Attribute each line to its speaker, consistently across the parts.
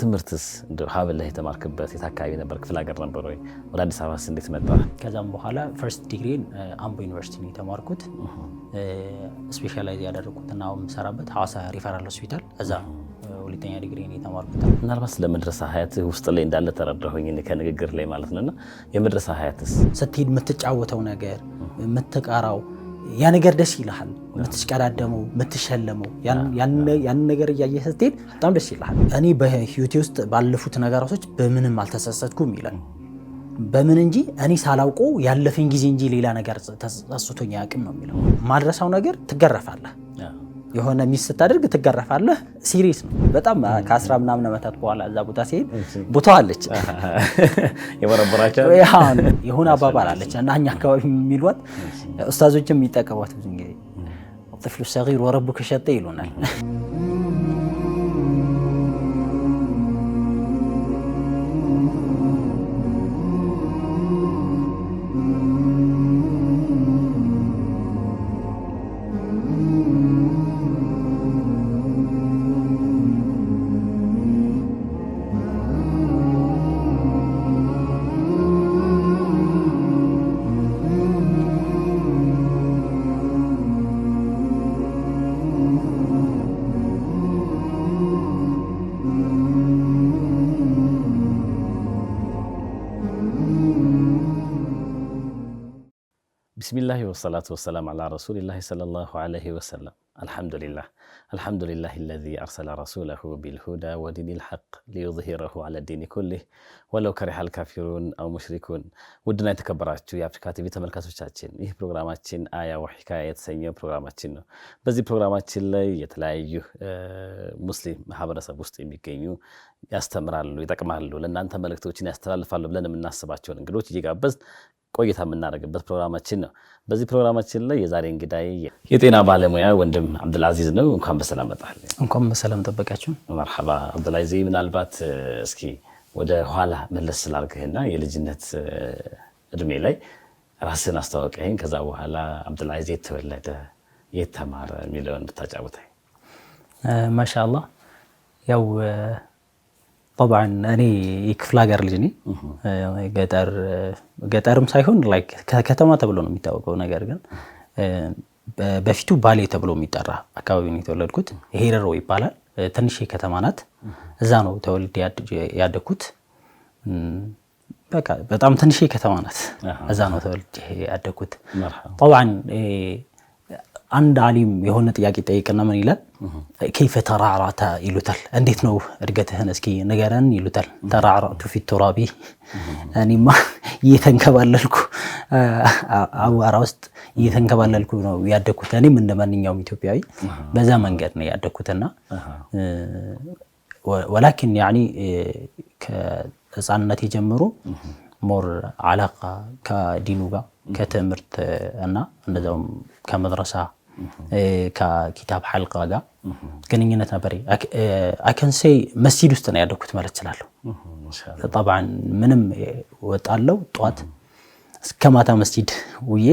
Speaker 1: ትምህርትስ ሀብለህ የተማርክበት የት አካባቢ ነበር? ክፍለ ሀገር ነበር ወይ? ወደ አዲስ አበባስ እንዴት መጣ?
Speaker 2: ከዛም በኋላ ፈርስት ዲግሪን አምቦ ዩኒቨርሲቲ ነው የተማርኩት። ስፔሻላይዝ ያደረግኩትና አሁን የምሰራበት ሀዋሳ ሪፈራል ሆስፒታል እዛ ሁለተኛ ዲግሪ ነው የተማርኩት።
Speaker 1: ምናልባት ስለ መድረሳ ሀያት ውስጥ ላይ እንዳለ ተረዳሁኝ ከንግግር ላይ ማለት ነውና የመድረሳ ሀያትስ
Speaker 2: ስትሄድ የምትጫወተው ነገር የምትቀራው ያ ነገር ደስ ይልሃል። የምትሽቀዳደመው የምትሸለመው ያንን ነገር እያየ ስትሄድ በጣም ደስ ይልሃል። እኔ በህይወቴ ውስጥ ባለፉት ነገራቶች በምንም አልተሰሰትኩም ይላል። በምን እንጂ እኔ ሳላውቆ ያለፈኝ ጊዜ እንጂ ሌላ ነገር ተጸጽቶኝ አያውቅም ነው የሚለው። ማድረሳው ነገር ትገረፋለህ የሆነ ሚስ ስታደርግ ትገረፋለህ። ሲሪስ ነው በጣም ከአስራ ምናምን ዓመታት በኋላ እዛ ቦታ ሲሄድ ቦታው አለች
Speaker 1: የበረበራቸው
Speaker 2: የሆነ አባባል አለች እና እኛ አካባቢ የሚሏት ኡስታዞችም የሚጠቀሟት ብዙ ጊዜ ጥፍሉ ሰጊር ወረቡ ከሸጠ ይሉናል።
Speaker 1: ወሰላቱ ወሰላም አላ ረሱሊላህ ሰለላሁ ዓለይሂ ወሰለም። አልሐምዱሊላህ አልሐምዱሊላህ አለዚ አርሰለ ረሱለሁ ቢልሁዳ ወዲኒል ሐቅ ሊዩዝሂረሁ ዓላ ዲኒ ኩሊህ ወለው ከሪሐል ካፊሩን አው ሙሽሪኩን። ውድና የተከበራችሁ የአፍሪካ ቲቪ ተመልካቾቻችን ይህ ፕሮግራማችን አያ ወሒካያ የተሰኘው ፕሮግራማችን ነው። በዚህ ፕሮግራማችን ላይ የተለያዩ ሙስሊም ማህበረሰብ ውስጥ የሚገኙ ያስተምራሉ፣ ይጠቅማሉ፣ ለእናንተ መልእክቶችን ያስተላልፋሉ ብለን የምናስባቸውን እንግዶች እየጋበዝን ቆይታ የምናደርግበት ፕሮግራማችን ነው። በዚህ ፕሮግራማችን ላይ የዛሬ እንግዳይ የጤና ባለሙያ ወንድም አብዱልአዚዝ ነው። እንኳን በሰላም መጣል።
Speaker 2: እንኳን በሰላም ጠበቃችሁ።
Speaker 1: መርሐባ አብዱልአዚዝ። ምናልባት እስኪ ወደ ኋላ መለስ ስላርግህና የልጅነት እድሜ ላይ ራስን አስተዋወቅህን፣ ከዛ በኋላ አብዱልአዚዝ የት ተወለደ የት ተማረ የሚለውን ብታጫውተኝ።
Speaker 2: ማሻአላህ ያው ጠብዓን እኔ የክፍለ ሀገር ልጅ ነኝ። ገጠርም ሳይሆን ከተማ ተብሎ ነው የሚታወቀው። ነገር ግን በፊቱ ባሌ ተብሎ የሚጠራ አካባቢ ነው የተወለድኩት። ሄረሮ ይባላል። ትንሽ ከተማ ናት። እዛ ነው ተወልድ ያደግኩት። በቃ በጣም ትንሽ ከተማ ናት። እዛ ነው ተወልድ ያደግኩት ጠብዓን አንድ አሊም የሆነ ጥያቄ ጠይቅና ምን ይላል? ከይፈ ተራዕራዕተ ይሉታል። እንዴት ነው እድገትህን እስኪ ንገረን ይሉታል። ተራዕራዕቱ ፊት ቱራቢ፣ እኔማ እየተንከባለልኩ አቧራ ውስጥ እየተንከባለልኩ ነው ያደግኩት። እኔም እንደ ማንኛውም ኢትዮጵያዊ በዛ መንገድ ነው ያደግኩትና ወላኪን ያኒ ከህፃንነት ጀምሮ ሞር አላቃ ከዲኑ ጋር ከትምህርት እና እንደዚያውም ከመድረሳ ከኪታብ ሐልቃ ጋር ግንኙነት ነበር። አከንሴ መስጂድ ውስጥ ነው ያደኩት ማለት እችላለሁ። ጠብዓን ምንም ወጣለው ጠዋት እስከ ማታ መስጂድ ውዬ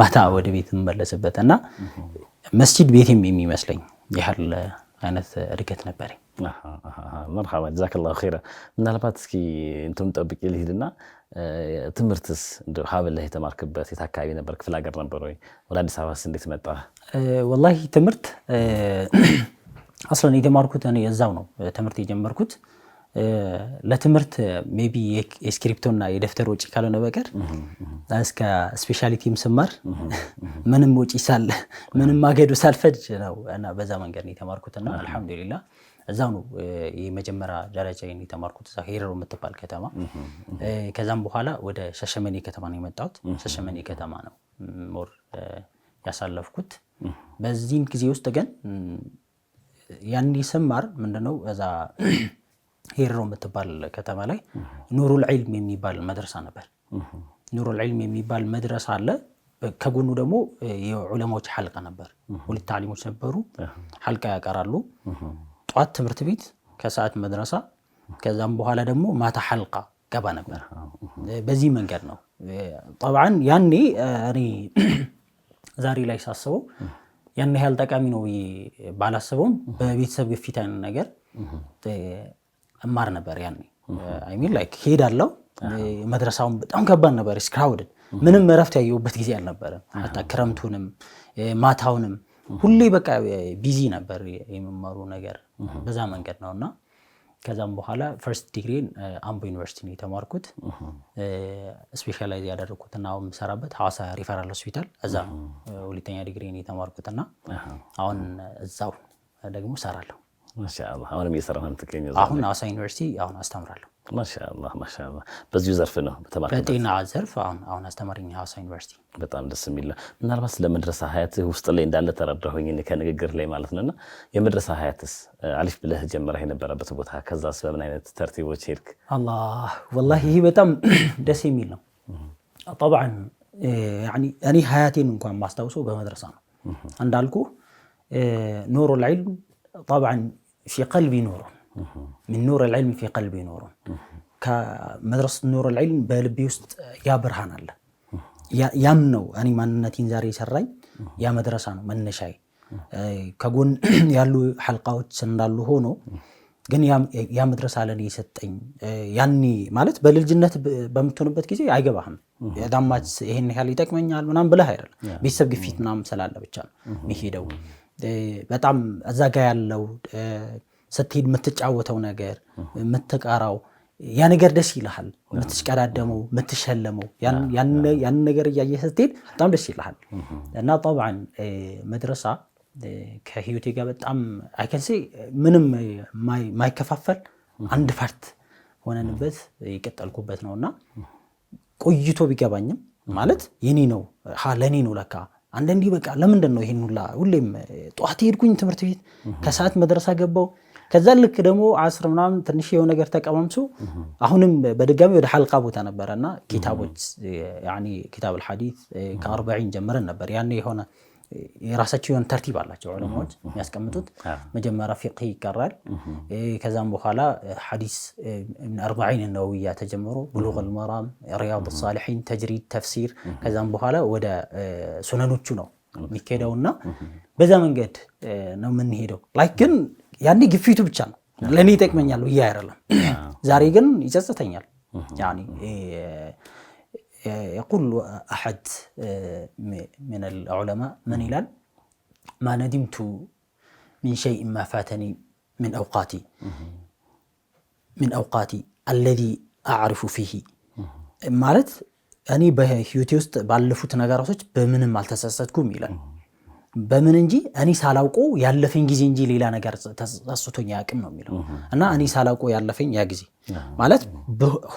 Speaker 2: ማታ ወደ ቤት የምመለስበት እና መስጂድ ቤትም የሚመስለኝ ያህል አይነት እድገት ነበረኝ።
Speaker 1: መርሓባ ጀዛከላሁ ኸይራ። ምናልባት እስኪ እንትን ጠብቄ ልሂድና ትምህርትስ እንደው ሀብለህ የተማርክበት የት አካባቢ ነበር? ክፍለ ሀገር ነበር ወይ? ወደ አዲስ አበባስ እንዴት መጣ?
Speaker 2: ወላሂ ትምህርት አስለን የተማርኩት እኔ እዛው ነው ትምህርት የጀመርኩት። ለትምህርት ሜይ ቢ የእስክሪፕቶና የደብተር ወጪ ካልሆነ በቀር እስከ ስፔሻሊቲም ስማር ምንም ወጪ ሳለ ምንም ማገዶ ሳልፈጅ ነው እና በዛ መንገድ ነው የተማርኩትና አልሐምዱሊላህ እዛው ነው የመጀመሪያ ደረጃ የተማርኩት እዛ ሄረሮ የምትባል ከተማ። ከዛም በኋላ ወደ ሻሸመኔ ከተማ ነው የመጣሁት። ሻሸመኔ ከተማ ነው ሞር ያሳለፍኩት። በዚህን ጊዜ ውስጥ ግን ያን ስማር ምንድነው እዛ ሄረሮ የምትባል ከተማ ላይ ኑሩል ዒልም የሚባል መድረሳ ነበር። ኑሩል ዒልም የሚባል መድረሳ አለ። ከጎኑ ደግሞ የዑለማዎች ሐልቃ ነበር። ሁለት ታሊሞች ነበሩ፣ ሐልቃ ያቀራሉ ጠዋት ትምህርት ቤት ከሰዓት መድረሳ ከዛም በኋላ ደግሞ ማታ ሐልቃ ገባ ነበር። በዚህ መንገድ ነው ጠብዓን ያኔ እኔ ዛሬ ላይ ሳስበው ያን ያህል ጠቃሚ ነው ብዬ ባላስበውም በቤተሰብ ግፊት አይነት ነገር እማር ነበር። ያኔ አይሚን ላይክ ሄዳለው። መድረሳውን በጣም ከባድ ነበር። ስክራውድን ምንም እረፍት ያየሁበት ጊዜ አልነበረም። ታ ክረምቱንም ማታውንም ሁሌ በቃ ቢዚ ነበር የመማሩ ነገር Uh-huh. በዛ መንገድ ነው እና ከዛም በኋላ ፈርስት ዲግሪን uh, አምቦ ዩኒቨርሲቲ ነው የተማርኩት። ስፔሻላይዝ uh-huh. uh, ያደረግኩትና አሁን የምሰራበት ሐዋሳ ሪፈራል ሆስፒታል እዛ uh-huh. uh, ሁለተኛ ዲግሪን የተማርኩትና አሁን እዛው ደግሞ እሰራለሁ። አሁንም እየሰራ አሁን ሐዋሳ ዩኒቨርሲቲ አሁን አስተምራለሁ።
Speaker 1: ማሻአላህ ማሻአላህ። በዚሁ ዘርፍ ነው በተማርኩበት
Speaker 2: በጤና ዘርፍ አሁን አሁን አስተማሪኝ ሐዋሳ ዩኒቨርሲቲ።
Speaker 1: በጣም ደስ የሚል ነው። ምናልባት ስለ መድረሳ ሀያትህ ውስጥ ላይ እንዳለ ተረዳሁኝ ከንግግር ላይ ማለት ነውና የመድረሳ ሀያትስ አሊፍ ብለህ ጀምረህ የነበረበት ቦታ ከዛስ በምን አይነት ተርቲቦች ሄድክ?
Speaker 2: አላህ ወላሂ ይህ በጣም ደስ የሚል ነው። ጠብዓን እኔ ሀያቴን እንኳን ማስታውሰው በመድረሳ ነው እንዳልኩ ኑሩ ልዕልም ጠብዓን ፊ ቀልቢ ኑሩ ሚን ኑር አልዕልም ፊ ቀልቢ ኖሩን ከመድረስ ኑር አልዕልም በልቤ ውስጥ ያ ብርሃን አለ። ያም ነው እኔ ማንነቴን ዛሬ የሰራኝ ያ መድረሳ ነው መነሻዬ። ከጎን ያሉ ሐልቃዎች እንዳሉ ሆኖ ግን ያ መድረሳ ለእኔ የሰጠኝ ያኔ ማለት በልጅነት በምትሆንበት ጊዜ አይገባህም። ዳማት ይሄን ያህል ይጠቅመኛል ምናምን ብለህ አይደለም ቤተሰብ ግፊት ምናምን ስላለ ብቻ ነው የሚሄደው። በጣም እዛ ጋ ያለው ስትሄድ የምትጫወተው ነገር የምትቀራው ያ ነገር ደስ ይልሃል። የምትሽቀዳደመው የምትሸለመው ያንን ነገር እያየ ስትሄድ በጣም ደስ ይልሃል እና ጠብዓን መድረሳ ከህይወቴ ጋር በጣም አይከንሴ ምንም ማይከፋፈል አንድ ፓርት ሆነንበት የቀጠልኩበት ነው እና ቆይቶ ቢገባኝም ማለት የኔ ነው ለእኔ ነው ለካ አንዳንዴ በቃ ለምንድን ነው ይሄን ሁላ ሁሌም ጠዋት የሄድኩኝ ትምህርት ቤት ከሰዓት መድረሳ ገባው ከዛ ልክ ደግሞ አስር ምናምን ትንሽ የሆነ ነገር ተቀማምሶ አሁንም በድጋሚ ወደ ሐልቃ ቦታ ነበረ እና ኪታቦች ኪታብ አልሐዲት ከአርባዒን ጀምረን ነበር ያኔ የሆነ የራሳቸው የሆነ ተርቲብ አላቸው ዑለማዎች የሚያስቀምጡት። መጀመሪያ ፊቅህ ይቀራል። ከዛም በኋላ ሐዲስ አርባዒን ነወውያ ተጀምሮ ብሉግል መራም፣ ሪያድ ሳሊሒን፣ ተጅሪድ፣ ተፍሲር ከዛም በኋላ ወደ ሱነኖቹ ነው የሚካሄደውና በዛ መንገድ ነው የምንሄደው ላይ ግን ያኔ ግፊቱ ብቻ ነው ለእኔ ይጠቅመኛል ብዬ አይደለም። ዛሬ ግን ይጸጽተኛል። የቁሉ አሐድ ምን ልዑለማ ምን ይላል ማነዲምቱ ምን ሸይ ማ ፋተኒ ምን አውቃቲ ምን አውቃቲ አለዚ አዕሪፉ ፊሂ ማለት እኔ በህይወቴ ውስጥ ባለፉት ነገራቶች በምንም አልተሰሰትኩም ይላል። በምን እንጂ እኔ ሳላውቆ ያለፈኝ ጊዜ እንጂ ሌላ ነገር ተሳስቶኝ አያውቅም ነው የሚለው እና እኔ ሳላውቆ ያለፈኝ ያ ጊዜ ማለት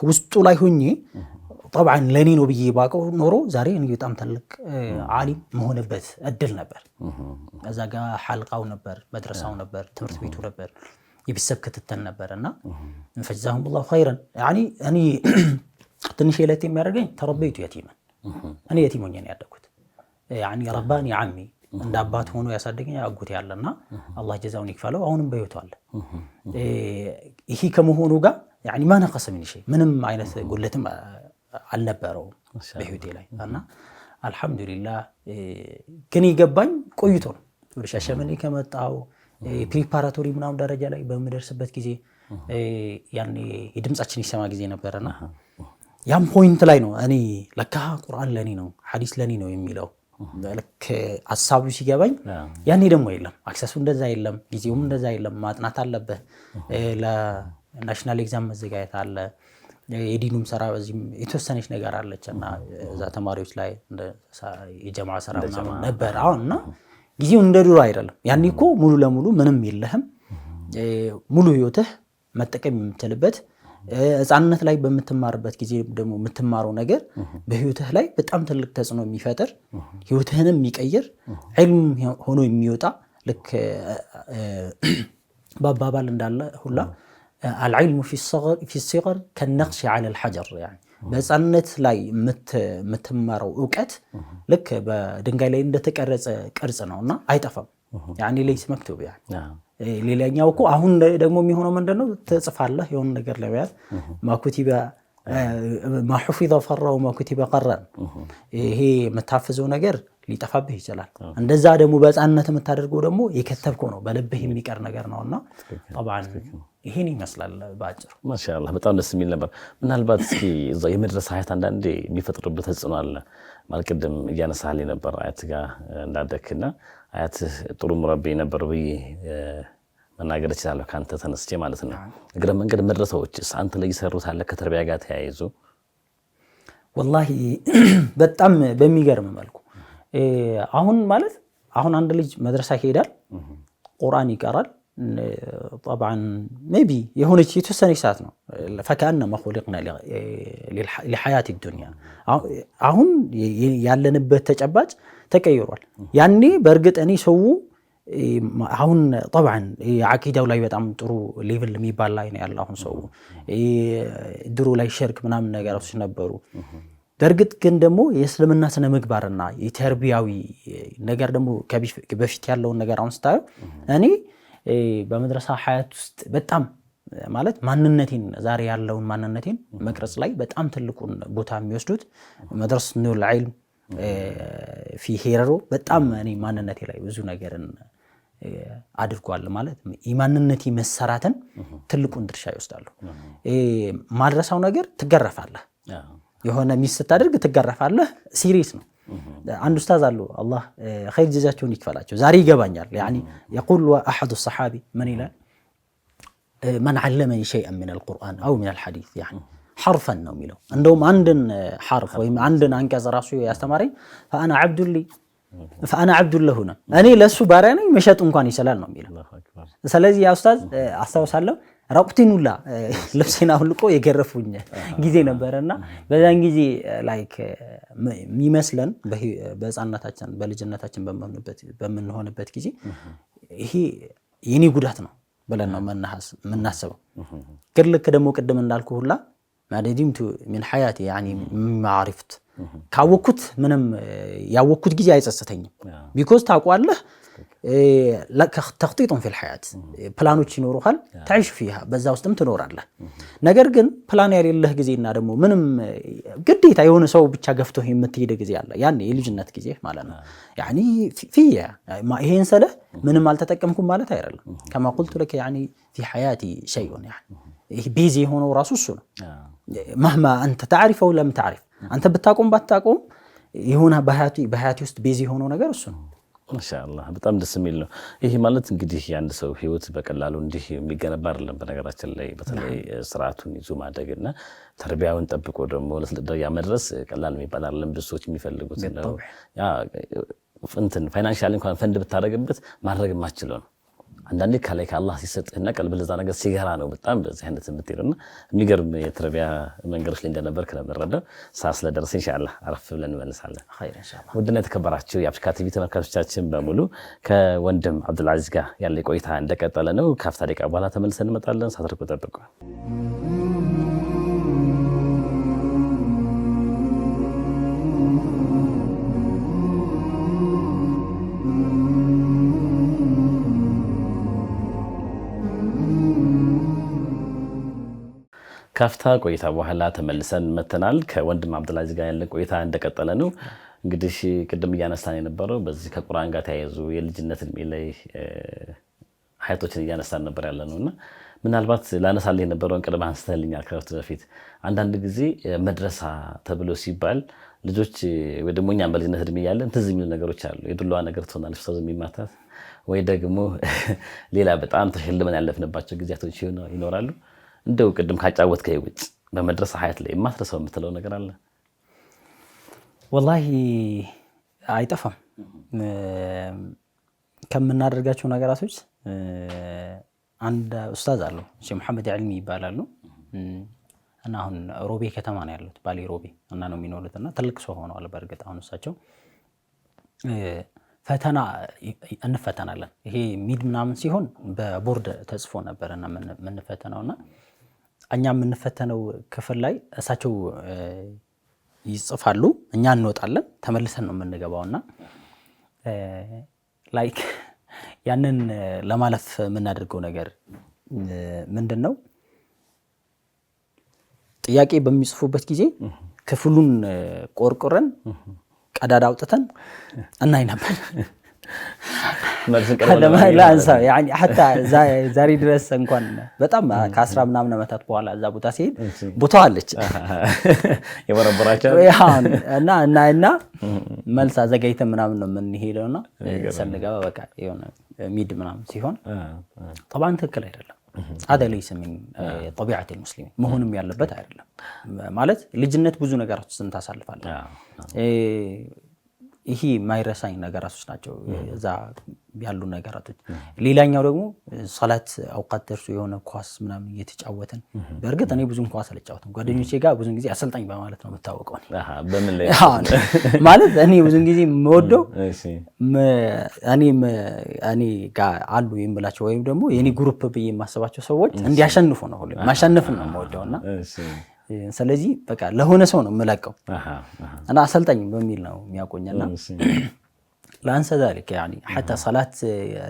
Speaker 2: ውስጡ ላይ ሆኜ ጠብዓን ለእኔ ነው ብዬ ባውቀው ኖሮ ዛሬ እኔ በጣም ትልቅ ዓሊም መሆንበት እድል ነበር። እዛ ጋ ሐልቃው ነበር፣ መድረሳው ነበር፣ ትምህርት ቤቱ ነበር፣ የቤተሰብ ክትተል ነበር እና ፈዛሁም ላ ኸይረን እኔ ትንሽ የለት የሚያደርገኝ ተረበይቱ የቲመን እኔ የቲሞኝ ነው ያደኩት ረባኒ ዓሚ እንደ አባት ሆኖ ያሳደገኝ አጎቴ አለና አላህ ጀዛውን ይክፈለው። አሁንም በህይወቱ አለ። ይሄ ከመሆኑ ጋር ማ ምን ምንም አይነት ጉለትም አልነበረውም በህይወቴ ላይ እና አልሐምዱሊላህ። ግን ይገባኝ ቆይቶ ነው ወደ ሻሸመኔ ፕሪፓራቶሪ ምናምን ደረጃ ላይ በምደርስበት ጊዜ ያኔ የድምፃችን ይሰማ ጊዜ ነበረና ያም ፖይንት ላይ ነው እኔ ለካ ቁርአን ለኔ ነው ሐዲስ ለኔ ነው የሚለው ልክ ሀሳቡ ሲገባኝ ያኔ ደግሞ የለም አክሰሱ እንደዛ የለም፣ ጊዜውም እንደዛ የለም። ማጥናት አለብህ፣ ለናሽናል ኤግዛም መዘጋጀት አለ፣ የዲኑም ስራ በዚህም የተወሰነች ነገር አለች እና እዛ ተማሪዎች ላይ የጀማ ስራ ምናምን ነበር አሁን እና ጊዜው እንደ ድሮ አይደለም። ያኔ እኮ ሙሉ ለሙሉ ምንም የለህም ሙሉ ህይወትህ መጠቀም የምትልበት ህፃንነት ላይ በምትማርበት ጊዜ ደግሞ የምትማረው ነገር በህይወትህ ላይ በጣም ትልቅ ተጽዕኖ የሚፈጥር ህይወትህንም የሚቀይር ዕልም ሆኖ የሚወጣ ልክ በአባባል እንዳለ ሁላ አልዕልሙ ፊ ሲቀር ከነቅሽ ዐለል ሐጀር በህፃንነት ላይ የምትማረው እውቀት ልክ በድንጋይ ላይ እንደተቀረጸ ቅርጽ ነው እና አይጠፋም ያኔ ለይስ መክቱብ ሌላኛው እኮ አሁን ደግሞ የሚሆነው ምንድን ነው? ትጽፋለህ የሆነ ነገር ለመያዝ ማኩቲባ ማሑፊዘ ፈራው ማኩቲበ ቀረን ይሄ የምታፍዘው ነገር ሊጠፋብህ ይችላል። እንደዛ ደግሞ በሕፃንነት የምታደርገው ደግሞ የከተብከው ነው በልብህ የሚቀር ነገር ነው እና ይህን ይመስላል በአጭሩ።
Speaker 1: ማሻላ በጣም ደስ የሚል ነበር። ምናልባት እስኪ እዛው የመድረስ አያት አንዳንዴ የሚፈጥርበት ተጽዕኖ አለ። ማልቅድም እያነሳል ነበር አያት ጋር እንዳደክና አያትህ ጥሩ ሙረቤ ነበር ብዬ መናገር እችላለሁ ከአንተ ተነስቼ ማለት ነው። እግረ መንገድ መድረሰዎች አንተ ላይ ይሰሩት አለ ከተርቢያ ጋር ተያይዞ
Speaker 2: ወላሂ በጣም በሚገርም መልኩ አሁን ማለት አሁን አንድ ልጅ መድረሳ ይሄዳል፣ ቁርአን ይቀራል። ጠብዓን ሜይ ቢ የሆነች የተወሰነች ሰዓት ነው። ፈከአነማ ኹሊቅና ሊሐያት ዱንያ። አሁን ያለንበት ተጨባጭ ተቀይሯል። ያኔ በእርግጥ እኔ ሰው አሁን ጠብዓን አቂዳው ላይ በጣም ጥሩ ሌቭል የሚባል ላይ ነው ያለ አሁን ሰው። ድሮ ላይ ሸርክ ምናምን ነገራቶች ነበሩ በእርግጥ ግን ደግሞ የእስልምና ስነ ምግባርና የተርቢያዊ ነገር ደግሞ በፊት ያለውን ነገር አሁን ስታዩ እኔ በመድረሳ ሀያት ውስጥ በጣም ማለት ማንነቴን ዛሬ ያለውን ማንነቴን መቅረጽ ላይ በጣም ትልቁን ቦታ የሚወስዱት ኑል ዒልም ፊ ሄረሮ በጣም እኔ ማንነቴ ላይ ብዙ ነገርን አድርጓል። ማለት የማንነቴ መሰራትን ትልቁን ድርሻ ይወስዳሉ። ማድረሳው ነገር ትገረፋለህ የሆነ ሚስ ስታደርግ ትገረፋለህ። ሲሪየስ ነው። አንድ ኡስታዝ አሉ አላህ ኸይር ጀዛቸውን ይክፈላቸው። ዛሬ ይገባኛል። ያኒ የቁል አሐዱ ሰሓቢ ምን ይላል? መን ዐለመኒ ሸይአን ሚነል ቁርአን አው ሚነል ሐዲስ ያኒ ሐርፈን ነው የሚለው። እንደውም አንድን ሐርፍ ወይም አንድን አንቀጽ ራሱ ያስተማረኝ ፈአና ዐብዱሊ ፈአና ዐብዱለሁ ነው እኔ ለእሱ ባሪያ ነኝ፣ መሸጥ እንኳን ይችላል ነው የሚለው። ስለዚህ ያ ኡስታዝ አስታውሳለሁ ራቁቴን ሁላ ልብሴን አውልቆ የገረፉኝ ጊዜ ነበረ እና በዛን ጊዜ ላይክ የሚመስለን በልጅነታችን በምንሆንበት ጊዜ ይሄ የኔ ጉዳት ነው ብለን ነው የምናስበው። ግን ልክ ደግሞ ቅድም እንዳልኩ ሁላ ማደዲምቱ ሚን ሐያቴ ማሪፍት ካወቅኩት ምንም ያወቅኩት ጊዜ አይጸጽተኝም ቢኮዝ ታውቋለህ ተክጢጡን ፊል ሐያት ፕላኖች ይኖሩሃል፣ ተዒሽ ፊሃ በዛ ውስጥም ትኖራለህ። ነገር ግን ፕላን የሌለህ ጊዜና ደግሞ ምንም ግዴታ የሆነ ሰው ብቻ ገፍቶህ የምትሄደ ጊዜ አለ። ያኔ የልጅነት ጊዜ ማለት ነው። ያኒ ፊያ ይሄን ሰለህ ምንም አልተጠቀምኩም ማለት አይደለም። ከማ ቁልቱ ለከ ያኒ ፊ ሐያቲ ሸይኡን ይህ ቢዚ የሆነው ራሱ እሱ ነው። መህማ አንተ ተዓሪፈው ለም አንተ ብታቆም ባታቆም የሆነ በሀያቲ ውስጥ ቢዚ የሆነው ነገር እሱ ነው።
Speaker 1: ማሻላ በጣም ደስ የሚል ነው። ይሄ ማለት እንግዲህ የአንድ ሰው ህይወት በቀላሉ እንዲህ የሚገነባ አይደለም። በነገራችን ላይ በተለይ ስርዓቱን ይዞ ማደግ እና ተርቢያውን ጠብቆ ደግሞ ለትልቅ ደረጃ መድረስ ቀላል የሚባል አይደለም። ብዙ ሰዎች የሚፈልጉት ነው። ፋይናንሻል እንኳን ፈንድ ብታደረግበት ማድረግ የማችለው ነው አንዳንዴ ከላይ ከአላህ ሲሰጥህና ቀልብ ለዛ ነገር ሲገራ ነው በጣም በዚህ አይነት የምትሄድና የሚገርም የተረቢያ መንገዶች ላይ እንደነበር ከነበረደ ሳ ስለደረሰ እንሻላ አረፍ ብለን እንመልሳለን። ውድና የተከበራችሁ የአፍሪካ ቲቪ ተመልካቾቻችን በሙሉ ከወንድም አብዱልዓዚዝ ጋር ያለ ቆይታ እንደቀጠለ ነው። ከአፍታ ደቂቃ በኋላ ተመልሰን እንመጣለን። ሳትርቁ ጠብቋል። ካፍታ ቆይታ በኋላ ተመልሰን መተናል። ከወንድም አብዱላዚ ጋር ያለ ቆይታ እንደቀጠለ ነው። እንግዲህ ቅድም እያነሳን የነበረው በዚህ ከቁርአን ጋር ተያይዙ የልጅነት እድሜ ላይ ሀያቶችን እያነሳን ነበር ያለ ነው እና ምናልባት ላነሳልህ የነበረውን ቅድም አንስተህልኛል ከረፍት በፊት። አንዳንድ ጊዜ መድረሳ ተብሎ ሲባል ልጆች ወይ ደግሞ እኛም በልጅነት እድሜ ያለን ትዝ የሚሉ ነገሮች አሉ። የዱላዋ ነገር ትሆናለች ሰው የሚማታት ወይ ደግሞ ሌላ በጣም ተሸልመን ያለፍንባቸው ጊዜያቶች ይኖራሉ። እንደው ቅድም ካጫወት ውጭ በመድረስ ሀያት ላይ የማትረሰው የምትለው ነገር አለ?
Speaker 2: ወላሂ አይጠፋም። ከምናደርጋቸው ነገራቶች አንድ ኡስታዝ አለው መሐመድ ዕልሚ ይባላሉ እና አሁን ሮቤ ከተማ ነው ያሉት፣ ባሌ ሮቤ እና ነው የሚኖሩት እና ትልቅ ሰው ሆነዋል። በእርግጥ አሁን እሳቸው ፈተና እንፈተናለን ይሄ ሚድ ምናምን ሲሆን በቦርድ ተጽፎ ነበር እና የምንፈተነው እና እኛ የምንፈተነው ክፍል ላይ እሳቸው ይጽፋሉ፣ እኛ እንወጣለን፣ ተመልሰን ነው የምንገባው እና ላይክ ያንን ለማለፍ የምናደርገው ነገር ምንድን ነው? ጥያቄ በሚጽፉበት ጊዜ ክፍሉን ቆርቆረን ቀዳዳ አውጥተን እናይ ነበር። ለአንሳ ሐታ ዛሬ ድረስ እንኳን በጣም ከአስራ ምናምን ዓመታት በኋላ እዛ ቦታ ሲሄድ ቦታ አለች
Speaker 1: የበረበራቸው
Speaker 2: እና እና መልስ አዘጋጅተን ምናምን ነው የምንሄደው እና ስንገባ በቃ የሆነ ሚድ ምናምን ሲሆን ጠባን ትክክል አይደለም። ሀዳ ለይሰ ሚን ጠቢዓት ልሙስሊሚን መሆንም ያለበት አይደለም። ማለት ልጅነት ብዙ ነገሮች ታሳልፋለን ይሄ የማይረሳኝ ነገራቶች ናቸው እዛ ያሉ ነገራቶች። ሌላኛው ደግሞ ሰላት አውቃት ደርሶ የሆነ ኳስ ምናምን እየተጫወትን በእርግጥ እኔ ብዙም ኳስ አልጫወትም። ጓደኞቼ ጋር ብዙን ጊዜ አሰልጣኝ በማለት ነው የምታወቀው። ማለት እኔ ብዙን ጊዜ የምወደው እኔ ጋር አሉ የምላቸው ወይም ደግሞ የኔ ግሩፕ ብዬ የማስባቸው ሰዎች እንዲያሸንፉ ነው። ሁሌም ማሸነፍን ነው የምወደውና ስለዚህ በቃ ለሆነ ሰው ነው የምለቀው እና አሰልጣኝ በሚል ነው የሚያቆኝና ለአንሰ ዛሊክ ሓታ ሰላት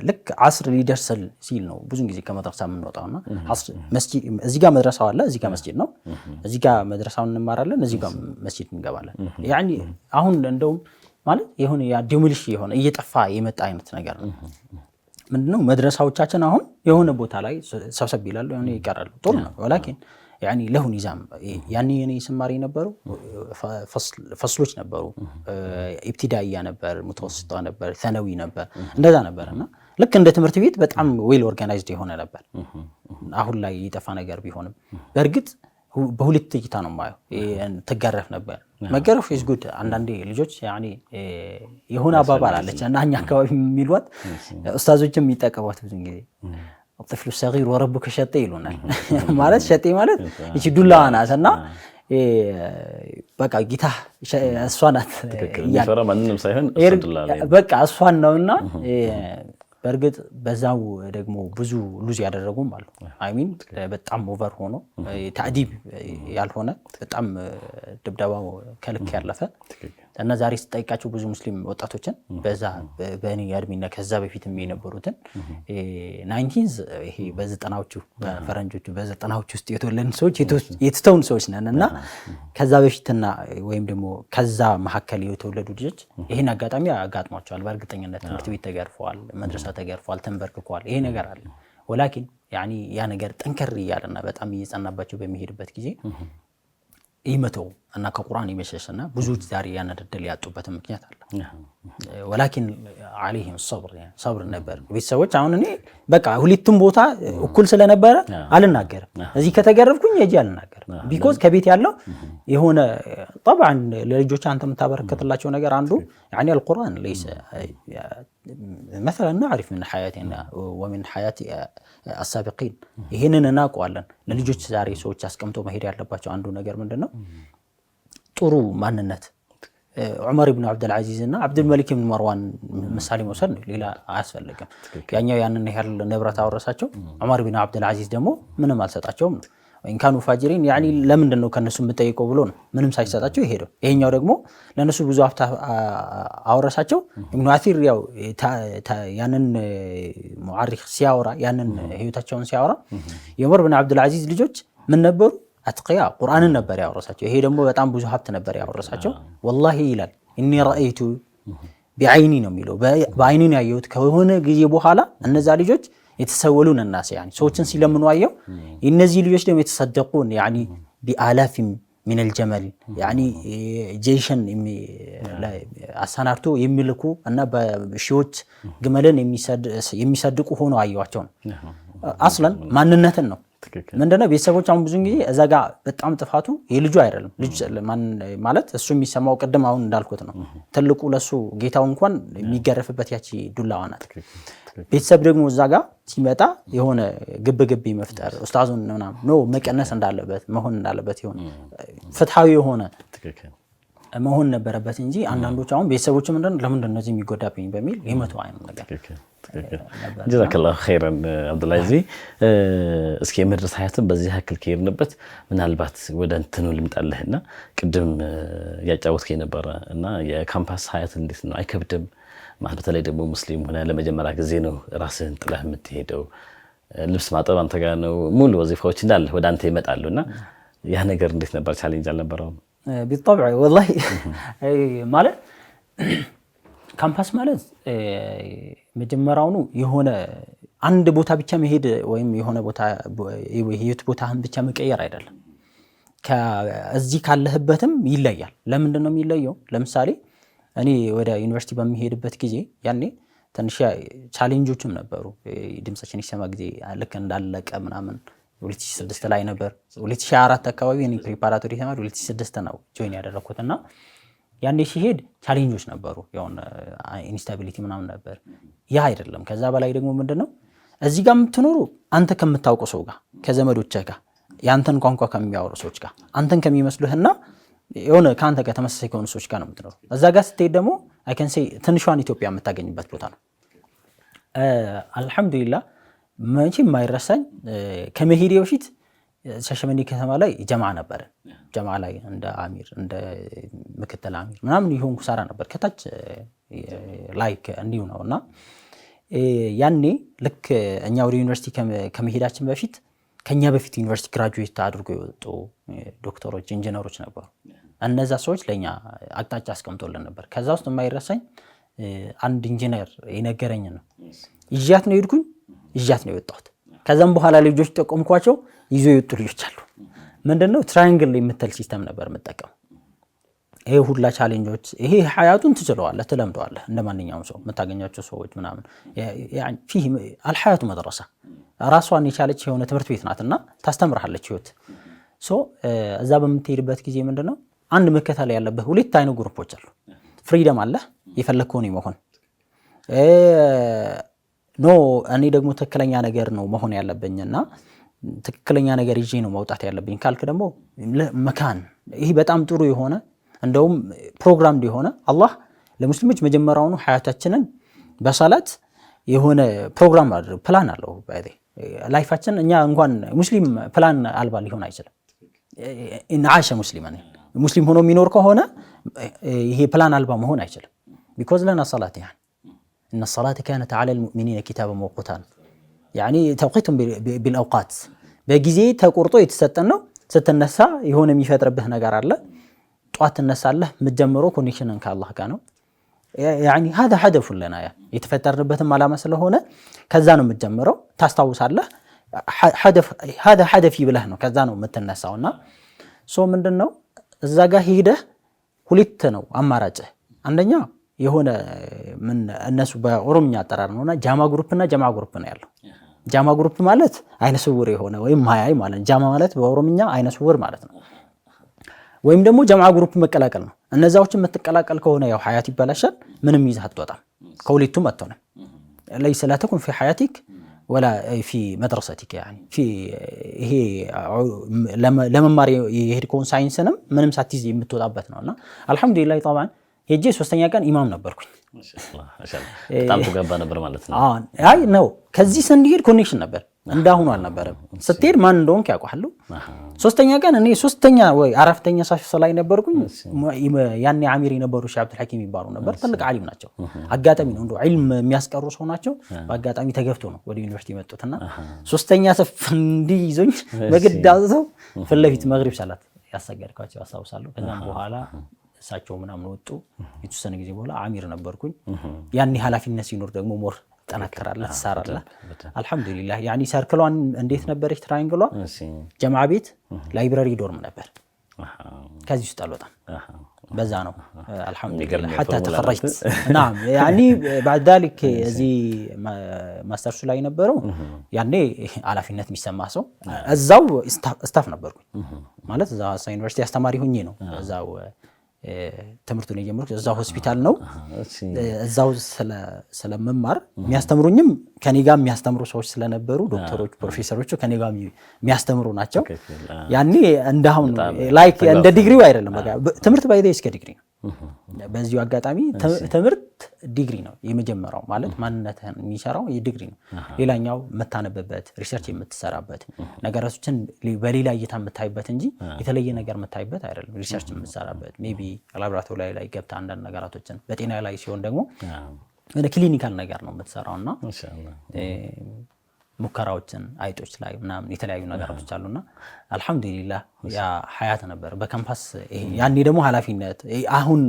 Speaker 2: ልክ አስር ሊደርሰል ሲል ነው ብዙን ጊዜ ከመድረሳ የምንወጣውና እዚ ጋ መድረሳው አለ፣ እዚ ጋ መስጂድ ነው። እዚ ጋ መድረሳውን እንማራለን፣ እዚ ጋ መስጂድ እንገባለን። አሁን እንደውም ማለት የሆነ ዲሙሊሽ የሆነ እየጠፋ የመጣ አይነት ነገር ነው። ምንድነው መድረሳዎቻችን አሁን የሆነ ቦታ ላይ ሰብሰብ ይላሉ፣ የሆነ ይቀራሉ። ጥሩ ነው ላኪን ለሁ ኒዛም ያን የኔ ስማሪ ነበሩ ፈስሎች ነበሩ። ኢብትዳያ ነበር፣ ሙተወስጣ ነበር፣ ሰነዊ ነበር፣ እንደዛ ነበር እና ልክ እንደ ትምህርት ቤት በጣም ዌል ኦርጋናይዝድ የሆነ ነበር። አሁን ላይ የጠፋ ነገር ቢሆንም በእርግጥ በሁለት እይታ ነው ማየው። ትገረፍ ነበር መገረፍ ኢዝ ጉድ። አንዳንዴ ልጆች የሆነ አባባል አለች እና እኛ አካባቢ የሚሏት ኡስታዞችም የሚጠቀሟት ብዙ ጊዜ ጥፍሉ ሰጊር ወረቡ ከሸጤ ይሉናል። ማለት ሸጤ ማለት ይቺ ዱላዋ ናት እና በቃ ጊታ እሷ ናት በቃ እሷን ነውና፣ በእርግጥ በዛው ደግሞ ብዙ ሉዝ ያደረጉም አሉ። አይሚን በጣም ኦቨር ሆኖ ታዕዲብ ያልሆነ በጣም ድብደባው ከልክ ያለፈ እና ዛሬ ስጠይቃቸው ብዙ ሙስሊም ወጣቶችን በዛ በእኔ እድሜና ከዛ በፊት የነበሩትን ናይንቲንዝ ይሄ በዘጠናዎቹ በፈረንጆቹ በዘጠናዎቹ ውስጥ የተወለድን ሰዎች የተተውን ሰዎች ነን እና ከዛ በፊትና ወይም ደግሞ ከዛ መካከል የተወለዱ ልጆች ይህን አጋጣሚ አጋጥሟቸዋል። በእርግጠኝነት ትምህርት ቤት ተገርፈዋል፣ መድረሳ ተገርፈዋል፣ ተንበርክከዋል። ይሄ ነገር አለ ወላኪን ያ ነገር ጠንከር እያለና በጣም እየጸናባቸው በሚሄድበት ጊዜ ይመተው እና ከቁርአን የመሸሽና ብዙዎች ዛሬ ያን እድል ያጡበትን ምክንያት አለ። ወላኪን አለይህም ሰብር ነበር። ቤተሰቦች አሁን እኔ በቃ ሁለቱም ቦታ እኩል ስለነበረ አልናገርም። እዚህ ከተገረፍኩኝ እጅ አልናገርም። ቢኮዝ ከቤት ያለው የሆነ ጠብዓን ለልጆች አንተ የምታበረከትላቸው ነገር አንዱ ያኔ አልቁርአን መላ አሪፍ ምን ሓያትና ወምን ሓያት አሳቢቂን ይህንን እናውቀዋለን። ለልጆች ዛሬ ሰዎች አስቀምጦ መሄድ ያለባቸው አንዱ ነገር ምንድን ነው? ጥሩ ማንነት ዑመር ብን ዓብደልዓዚዝ እና ዓብድልመሊክ ብን መርዋን ምሳሌ መውሰድ ነው፣ ሌላ አያስፈልግም። ያኛው ያንን ያህል ንብረት አወረሳቸው። ዑመር ብን ዓብደልዓዚዝ ደግሞ ምንም አልሰጣቸውም ነው ካኑ ፋጅሪን ያ ለምንድን ነው ከነሱ የምጠይቀው ብሎ ነው ምንም ሳይሰጣቸው የሄደው። ይሄኛው ደግሞ ለእነሱ ብዙ ሀብት አወረሳቸው። ኢብኑ አሲር ያው ያንን ሙዓሪክ ሲያወራ ያንን ህይወታቸውን ሲያወራ የዑመር ብን አብዱልዓዚዝ ልጆች ምን ነበሩ? አትቅያ ቁርአንን ነበር ያወረሳቸው። ይሄ ደግሞ በጣም ብዙ ሀብት ነበር ያወረሳቸው። ወላሂ ይላል እኒ ረአይቱ ቢአይኒ ነው የሚለው በአይኒን ያየሁት ከሆነ ጊዜ በኋላ እነዛ ልጆች የተሰወሉን እናስ ሰዎችን ሲለምኑ አየው። እነዚህ ልጆች ደግሞ የተሰደቁን ቢአላፊ ሚነል ጀመል ጀይሸን አሰናድቶ የሚልኩ እና በሺዎች ግመልን የሚሰድቁ ሆኖ አየዋቸው ነው። አስለን ማንነትን ነው ምንድነው ቤተሰቦች አሁን ብዙ ጊዜ እዛ ጋ በጣም ጥፋቱ የልጁ አይደለም። ልጅ ማለት እሱ የሚሰማው ቅድም አሁን እንዳልኩት ነው። ትልቁ ለሱ ጌታው እንኳን የሚገረፍበት ያቺ ዱላዋ ናት። ቤተሰብ ደግሞ እዛ ጋር ሲመጣ የሆነ ግብ ግቢ መፍጠር ኡስታዙን ምናምን ኖ መቀነስ እንዳለበት መሆን እንዳለበት ሆነ ፍትሐዊ የሆነ መሆን ነበረበት እንጂ አንዳንዶች አሁን ቤተሰቦች ምንድን ለምንድን ነው እዚህ የሚጎዳብኝ በሚል የመቶ አይነት ነገር
Speaker 1: ጀዛከላሁ ኸይረን አብዱላዚ፣ እስኪ የመድረስ ሀያትን በዚህ ያክል ከሄድንበት ምናልባት ወደ እንትኑ ልምጣልህና ቅድም ያጫወትከኝ የነበረ እና የካምፓስ ሀያት እንዴት ነው አይከብድም? በተለይ ደግሞ ሙስሊም ሆነ ለመጀመሪያ ጊዜ ነው ራስህን ጥለህ የምትሄደው። ልብስ ማጠብ አንተ ጋር ነው፣ ሙሉ ወዚፋዎች እንዳለ ወደ አንተ ይመጣሉ እና ያ ነገር እንዴት ነበር? ቻሌንጅ አልነበረውም?
Speaker 2: ቢጣብዕ ወላሂ ማለት ካምፓስ ማለት መጀመሪያውኑ የሆነ አንድ ቦታ ብቻ መሄድ ወይም የሆነ ቦታ የህይወት ቦታህን ብቻ መቀየር አይደለም። እዚህ ካለህበትም ይለያል። ለምንድን ነው የሚለየው? ለምሳሌ እኔ ወደ ዩኒቨርሲቲ በሚሄድበት ጊዜ ያኔ ትንሽ ቻሌንጆችም ነበሩ። ድምፃችን ይሰማ ጊዜ ልክ እንዳለቀ ምናምን 2006 ላይ ነበር። 2004 አካባቢ እኔ ፕሪፓራቶሪ ተማሪ 2006 ነው ጆይን ያደረግኩት እና ያኔ ሲሄድ ቻሌንጆች ነበሩ። ኢንስታቢሊቲ ምናምን ነበር። ያ አይደለም። ከዛ በላይ ደግሞ ምንድን ነው እዚህ ጋር የምትኖሩ አንተ ከምታውቀው ሰው ጋር፣ ከዘመዶች ጋር፣ የአንተን ቋንቋ ከሚያወሩ ሰዎች ጋር፣ አንተን ከሚመስሉህና የሆነ ከአንተ ጋር ተመሳሳይ ከሆኑ ሰዎች ጋር ነው የምትኖሩ እዛ ጋር ስትሄድ ደግሞ አይከንሴ ትንሿን ኢትዮጵያ የምታገኝበት ቦታ ነው። አልሐምዱሊላ መቼ የማይረሳኝ ከመሄዴ በፊት ሻሸመኔ ከተማ ላይ ጀማ ነበረ። ጀማ ላይ እንደ አሚር እንደ ምክትል አሚር ምናምን የሆንኩ ሰራ ነበር ከታች ላይክ እንዲሁ ነው እና ያኔ ልክ እኛ ወደ ዩኒቨርሲቲ ከመሄዳችን በፊት ከኛ በፊት ዩኒቨርሲቲ ግራጁዌት አድርጎ የወጡ ዶክተሮች፣ ኢንጂነሮች ነበሩ። እነዛ ሰዎች ለእኛ አቅጣጫ አስቀምጦልን ነበር። ከዛ ውስጥ የማይረሳኝ አንድ ኢንጂነር የነገረኝ ነው። እዣት ነው የሄድኩኝ፣ እዣት ነው የወጣሁት። ከዛም በኋላ ልጆች ጠቆምኳቸው፣ ይዞ የወጡ ልጆች አሉ። ምንድነው ትራያንግል የምትል ሲስተም ነበር የምጠቀም። ይሄ ሁላ ቻሌንጆች፣ ይሄ ሀያቱን ትችለዋለህ፣ ትለምደዋለህ። እንደ ማንኛውም ሰው የምታገኛቸው ሰዎች ምናምን አልሀያቱ መድረሳ ራሷን የቻለች የሆነ ትምህርት ቤት ናት እና ታስተምርሃለች ህይወት። ሶ እዛ በምትሄድበት ጊዜ ምንድን ነው አንድ መከተል ያለብህ ሁለት አይነት ግሩፖች አሉ። ፍሪደም አለ የፈለግከውን መሆን ኖ እኔ ደግሞ ትክክለኛ ነገር ነው መሆን ያለብኝ እና ትክክለኛ ነገር ይዤ ነው መውጣት ያለብኝ ካልክ ደግሞ መካን ይህ በጣም ጥሩ የሆነ እንደውም ፕሮግራም የሆነ አላህ ለሙስሊሞች መጀመሪያውኑ ሀያታችንን በሰላት የሆነ ፕሮግራም ፕላን አለው ላይፋችን እኛ እንኳን ሙስሊም ፕላን አልባ ሊሆን አይችልም። ኢንዓሸ ሙስሊመን ሙስሊም ሆኖ የሚኖር ከሆነ ይሄ ፕላን አልባ መሆን አይችልም። ቢኮዝ ለና ሰላት ያን እነ ሰላት ካነት ዐለል ሙእሚኒነ ኪታበን መውቁታ ያኒ ተውቂቱን ቢልአውቃት በጊዜ ተቆርጦ የተሰጠን ነው። ስትነሳ የሆነ የሚፈጥርብህ ነገር አለ። ጧት ትነሳለህ። የምትጀምረው ኮኔክሽንን ከአላህ ጋር ነው። ሀደ ሀደፉ ለና ያ የተፈጠርንበትም አላማ ስለሆነ ከዛ ነው የምትጀምረው። ታስታውሳለህ፣ ሀደ ሀደፊ ብለህ ነው ከዛ ነው የምትነሳው። እና ሶ ምንድን ነው እዛ ጋር ሂደህ ሁለት ነው አማራጭህ። አንደኛ የሆነ እነሱ በኦሮምኛ አጠራር ነውና ጃማ ግሩፕ እና ጀማ ግሩፕ ነው ያለው። ጃማ ግሩፕ ማለት አይነ ስውር የሆነ ወይም ማያይ ማለት ጃማ ማለት በኦሮምኛ አይነ ስውር ማለት ነው። ወይም ደግሞ ጀማ ግሩፕ መቀላቀል ነው እነዛዎችን የምትቀላቀል ከሆነ ያው ሀያት ይበላሻል። ምንም ይዘህ አትወጣም። ከሁለቱም አትሆነ ለይሰ ላ ፊ ሀያቲክ ወላ ፊ መድረሰቲክ ይሄ ለመማር የሄድከውን ሳይንስንም ምንም ሳትይዝ የምትወጣበት ነው እና አልሐምዱሊላ ጠባን ሄጄ ሶስተኛ ቀን ኢማም ነበርኩኝ።
Speaker 1: በጣም ገባ ነበር ማለት ነው።
Speaker 2: አይ ነው ከዚህ ስንሄድ ኮኔክሽን ነበር እንዳሁኑ አልነበረም። ስትሄድ ማን እንደሆንክ ያውቃሉ። ሶስተኛ ቀን እኔ ሶስተኛ ወይ አራተኛ ሳሽ ላይ ነበርኩኝ። ያኔ አሚር የነበሩ ሼህ አብዱል ሐኪም ይባሉ ነበር። ትልቅ ዓሊም ናቸው። አጋጣሚ ነው እንደው ዒልም የሚያስቀሩ ሰው ናቸው። በአጋጣሚ ተገፍቶ ነው ወደ ዩኒቨርሲቲ የመጡትና ሶስተኛ ሰፍ እንዲህ ይዞኝ በግድ አዘዘው ፊት ለፊት መግሪብ ሰላት ያሰገድኳቸው አስታውሳለሁ። ከዛም በኋላ እሳቸው ምናምን ወጡ። የተወሰነ ጊዜ በኋላ አሚር ነበርኩኝ። ያኔ ኃላፊነት ሲኖር ደግሞ ሞር ትጠናከራለህ፣ ትሰራለህ። አልሐምዱሊላህ ያኒ ሰርክሏን እንዴት ነበረች? ትራይንግሏ ጀምዓ ቤት ላይብረሪ ዶርም ነበር። ከዚህ ውስጥ አልወጣም። በዛ ነው አልሐምዱሊላህ ተፈረጅት ናም ያኒ ባዳሊክ እዚህ ማስተርሱ ላይ ነበረው። ያኔ ኃላፊነት የሚሰማ ሰው እዛው ስታፍ ነበርኩኝ ማለት እዛ ዩኒቨርሲቲ አስተማሪ ሁኜ ነው እዛው ትምህርቱን የጀመርኩት እዛ ሆስፒታል ነው። እዛው ስለመማር የሚያስተምሩኝም ከኔ ጋር የሚያስተምሩ ሰዎች ስለነበሩ ዶክተሮች፣ ፕሮፌሰሮቹ ከኔ ጋር የሚያስተምሩ ናቸው። ያኔ እንደሁን ላይክ እንደ ዲግሪው አይደለም ትምህርት ባይደ እስከ ዲግሪ ነው በዚሁ አጋጣሚ ትምህርት ዲግሪ ነው የመጀመሪያው። ማለት ማንነትህን የሚሰራው ዲግሪ ነው። ሌላኛው የምታነብበት ሪሰርች የምትሰራበት ነገራቶችን በሌላ እይታ የምታይበት እንጂ የተለየ ነገር የምታይበት አይደለም። ሪሰርች የምትሰራበት ሜይ ቢ ላብራቶሪ ላይ ገብተህ አንዳንድ ነገራቶችን በጤና ላይ ሲሆን ደግሞ ክሊኒካል ነገር ነው የምትሰራው እና ሙከራዎችን አይጦች ላይ ምናምን የተለያዩ ነገሮች አሉና አልሐምዱሊላህ ያ ሀያት ነበር በካምፓስ ያኔ ደግሞ ኃላፊነት አሁን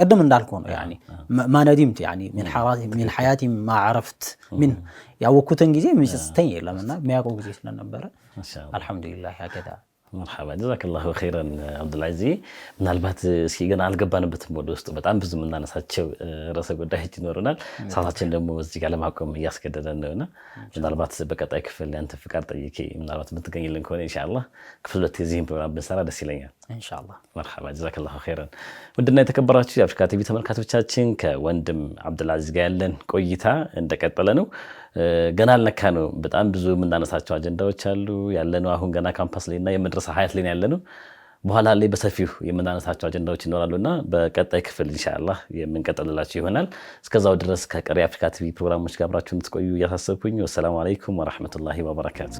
Speaker 2: ቅድም እንዳልኩ ነው ማነዲምት ሚን ሀያቲ ማዕረፍት ምን ያወኩትን ጊዜ ሚስስተኝ የለምና የሚያውቀው ጊዜ ስለነበረ አልሐምዱሊላህ ያገዳ
Speaker 1: መርሓባ ጀዛከላሁ ኸይረን ዓብዱልዓዚ። ምናልባት እስኪ ገና አልገባንበትም ወደ ውስጡ በጣም ብዙ የምናነሳቸው ርዕሰ ጉዳዮች ይኖሩናል። ሰዓታችን ደግሞ እዚህ ጋር ለማቆም እያስገደደን ነውና ምናልባት በቀጣይ ክፍል ያንተ ፍቃድ ጠይቄ ምናልባት የምትገኝልን ከሆነ ኢንሻላህ ክፍል ሁለት የዚህን ፕሮግራም ብንሰራ ደስ ይለኛል። ኢንሻላህ መርሓባ ጀዛከላሁ ኸይረን። ውድና የተከበራችሁ የአፍሪካ ቲቪ ተመልካቶቻችን ከወንድም ዓብዱልዓዚ ጋር ያለን ቆይታ እንደቀጠለ ነው። ገና አልነካ ነው። በጣም ብዙ የምናነሳቸው አጀንዳዎች አሉ ያለነው አሁን ገና ካምፓስ ላይና የመድረሳ ሀያት ላይ ያለነው በኋላ ላይ በሰፊው የምናነሳቸው አጀንዳዎች ይኖራሉና በቀጣይ ክፍል እንሻላ የምንቀጥልላቸው ይሆናል። እስከዛው ድረስ ከቀሪ አፍሪካ ቲቪ ፕሮግራሞች ጋር አብራችሁ እንድትቆዩ እያሳሰብኩኝ ወሰላሙ አለይኩም ወረሕመቱላሂ ወበረካቱ።